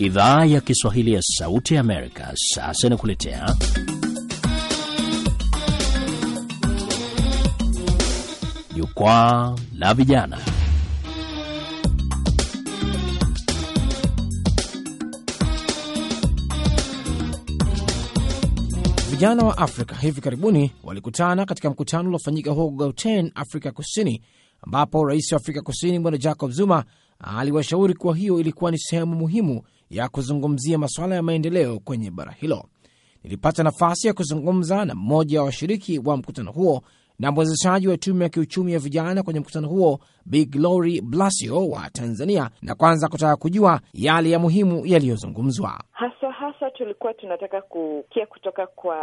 Idhaa ya Kiswahili ya Sauti ya Amerika sasa inakuletea Jukwaa la Vijana. Vijana wa Afrika hivi karibuni walikutana katika mkutano uliofanyika huko Gauteng, Afrika Kusini, ambapo rais wa Afrika Kusini Bwana Jacob Zuma aliwashauri kuwa hiyo ilikuwa ni sehemu muhimu ya kuzungumzia masuala ya maendeleo kwenye bara hilo. Nilipata nafasi ya kuzungumza na mmoja wa washiriki wa mkutano huo na mwezeshaji wa tume ya kiuchumi ya vijana kwenye mkutano huo Bi Glory Blasio wa Tanzania, na kwanza kutaka kujua yale ya muhimu yaliyozungumzwa. Haswa haswa tulikuwa tunataka kukia kutoka kwa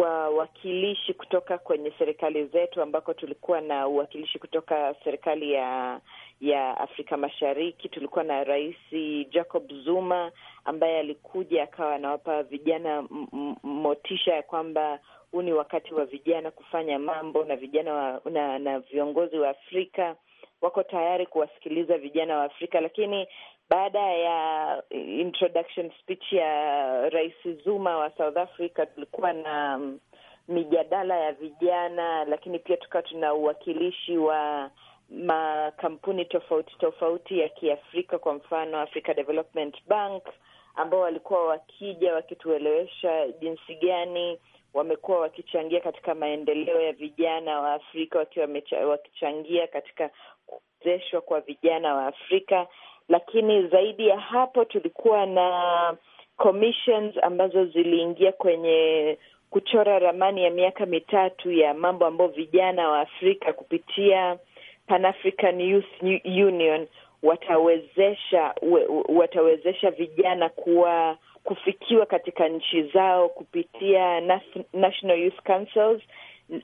wawakilishi kutoka kwenye serikali zetu, ambako tulikuwa na uwakilishi kutoka serikali ya ya Afrika Mashariki. Tulikuwa na Rais Jacob Zuma ambaye alikuja akawa anawapa vijana motisha ya kwamba huu ni wakati wa vijana kufanya mambo, na vijana wa, na, na viongozi wa Afrika wako tayari kuwasikiliza vijana wa Afrika. Lakini baada ya introduction speech ya Rais Zuma wa South Africa tulikuwa na um, mijadala ya vijana, lakini pia tukawa tuna uwakilishi wa makampuni tofauti tofauti ya Kiafrika, kwa mfano Africa Development Bank, ambao walikuwa wakija wakituelewesha jinsi gani wamekuwa wakichangia katika maendeleo ya vijana wa Afrika, wakiwa wakichangia katika kuwezeshwa kwa vijana wa Afrika. Lakini zaidi ya hapo, tulikuwa na commissions ambazo ziliingia kwenye kuchora ramani ya miaka mitatu ya mambo ambayo vijana wa Afrika kupitia Pan African Youth Union watawezesha watawezesha vijana kuwa kufikiwa katika nchi zao kupitia National Youth Councils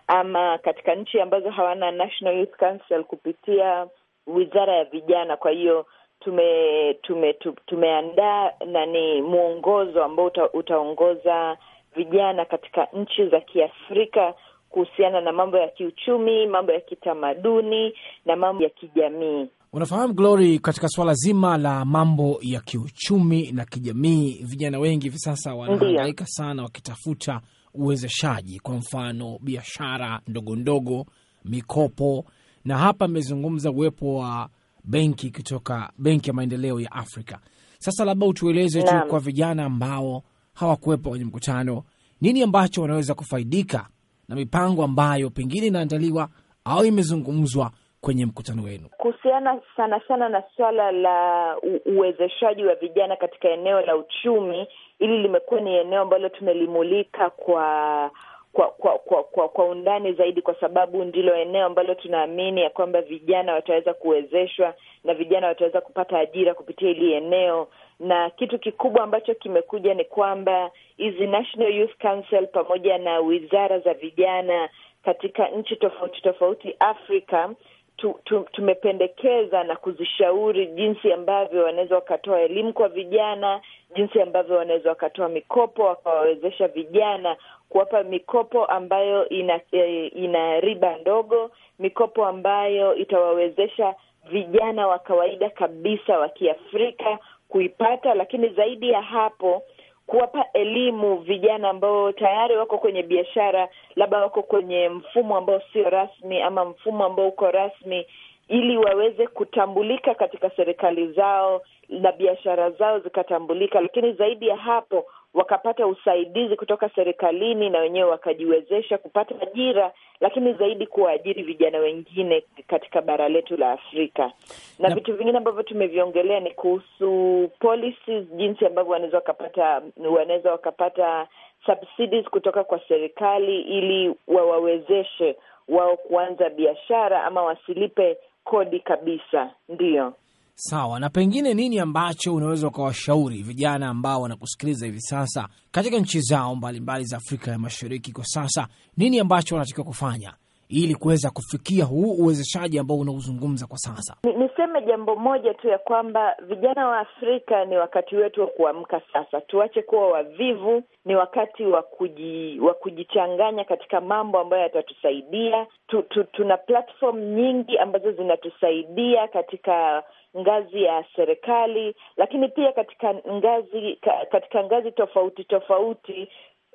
ama katika nchi ambazo hawana National Youth Council kupitia wizara ya vijana. Kwa hiyo tume, tume, tumeandaa ni mwongozo ambao uta, utaongoza vijana katika nchi za Kiafrika kuhusiana na mambo ya kiuchumi, mambo ya kitamaduni na mambo ya kijamii. Unafahamu Glory, katika suala zima la mambo ya kiuchumi na kijamii, vijana wengi hivi sasa wanahangaika sana wakitafuta uwezeshaji, kwa mfano biashara ndogo ndogo, mikopo, na hapa amezungumza uwepo wa benki kutoka Benki ya Maendeleo ya Afrika. Sasa labda utueleze tu kwa vijana ambao hawakuwepo kwenye mkutano, nini ambacho wanaweza kufaidika na mipango ambayo pengine inaandaliwa au imezungumzwa kwenye mkutano wenu kuhusiana sana sana na swala la uwezeshaji wa vijana katika eneo la uchumi? Hili limekuwa ni eneo ambalo tumelimulika kwa kwa kwa kwa kwa kwa undani zaidi, kwa sababu ndilo eneo ambalo tunaamini ya kwamba vijana wataweza kuwezeshwa na vijana wataweza kupata ajira kupitia hili eneo na kitu kikubwa ambacho kimekuja ni kwamba hizi National Youth Council pamoja na wizara za vijana katika nchi tofauti tofauti Afrika tu, tu, tumependekeza na kuzishauri jinsi ambavyo wanaweza wakatoa elimu kwa vijana, jinsi ambavyo wanaweza wakatoa mikopo wakawawezesha vijana, kuwapa mikopo ambayo ina, e, ina riba ndogo, mikopo ambayo itawawezesha vijana wa kawaida kabisa wa Kiafrika kuipata, lakini zaidi ya hapo kuwapa elimu vijana ambao tayari wako kwenye biashara, labda wako kwenye mfumo ambao sio rasmi ama mfumo ambao uko rasmi ili waweze kutambulika katika serikali zao na biashara zao zikatambulika, lakini zaidi ya hapo wakapata usaidizi kutoka serikalini na wenyewe wakajiwezesha kupata ajira, lakini zaidi kuwaajiri vijana wengine katika bara letu la Afrika. Na vitu vingine ambavyo tumeviongelea ni kuhusu policies, jinsi ambavyo wanaweza wakapata wanaweza wakapata subsidies kutoka kwa serikali ili wawawezeshe wao kuanza biashara ama wasilipe kodi kabisa. Ndiyo, sawa. Na pengine nini ambacho unaweza ukawashauri vijana ambao wanakusikiliza hivi sasa katika nchi zao mbalimbali mbali za Afrika ya Mashariki kwa sasa, nini ambacho wanatakiwa kufanya ili kuweza kufikia huu uwezeshaji ambao unaozungumza kwa sasa? Ni, niseme jambo moja tu ya kwamba vijana wa Afrika ni wakati wetu wa kuamka sasa. Tuache kuwa wavivu, ni wakati wa kuji, wa kujichanganya katika mambo ambayo yatatusaidia. Tu, tu, tuna platform nyingi ambazo zinatusaidia katika ngazi ya serikali, lakini pia katika ngazi katika ngazi tofauti tofauti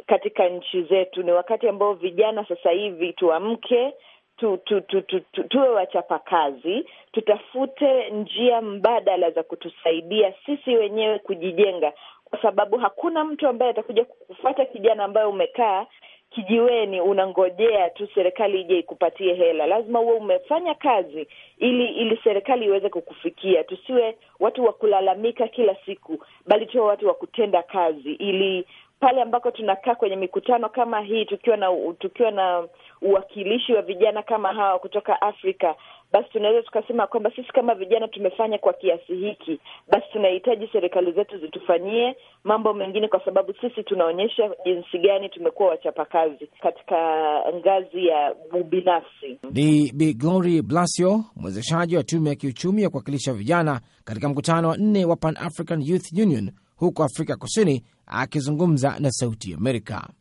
katika nchi zetu. Ni wakati ambao vijana sasa hivi tuamke, tuwe tu, tu, tu, tu, tu wachapakazi, tutafute njia mbadala za kutusaidia sisi wenyewe kujijenga, kwa sababu hakuna mtu ambaye atakuja kufuata kijana ambaye umekaa kijiweni unangojea tu serikali ije ikupatie hela. Lazima uwe umefanya kazi ili ili serikali iweze kukufikia. Tusiwe watu wa kulalamika kila siku, bali tuwe watu wa kutenda kazi ili pale ambako tunakaa kwenye mikutano kama hii tukiwa na tukiwa na uwakilishi wa vijana kama hawa kutoka Afrika, basi tunaweza tukasema kwamba sisi kama vijana tumefanya kwa kiasi hiki, basi tunahitaji serikali zetu zitufanyie mambo mengine, kwa sababu sisi tunaonyesha jinsi gani tumekuwa wachapakazi katika ngazi ya ubinafsi. Ni Bigori Blasio, mwezeshaji wa tume ya kiuchumi ya kuwakilisha vijana katika mkutano wa nne wa Pan African Youth Union huko Afrika Kusini, akizungumza na Sauti Amerika.